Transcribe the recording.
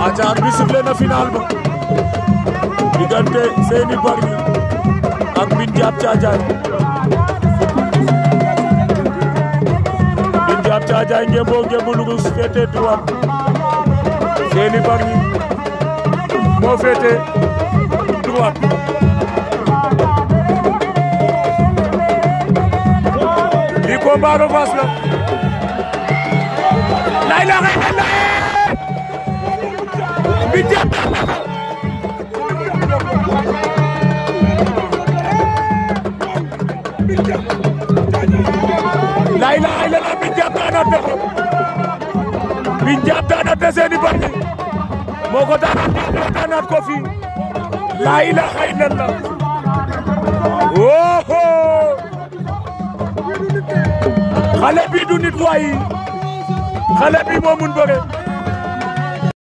a arbitre sifflé na final ba diggante Seny Bargny ak Mbine Diab Thiadiaye Mbine Diab Thiadiaye ngemboo ngembu lugus féete droit Seny Bargny moo féete droit li combat revanche la layla aylala Mbine Ndiatta na doxo Mbine Ndiatta na deseeni bari moo ko daanaan daanaan daanaan ko fi layla aylala woho xale bi du nit waay xale bi moo mun bëre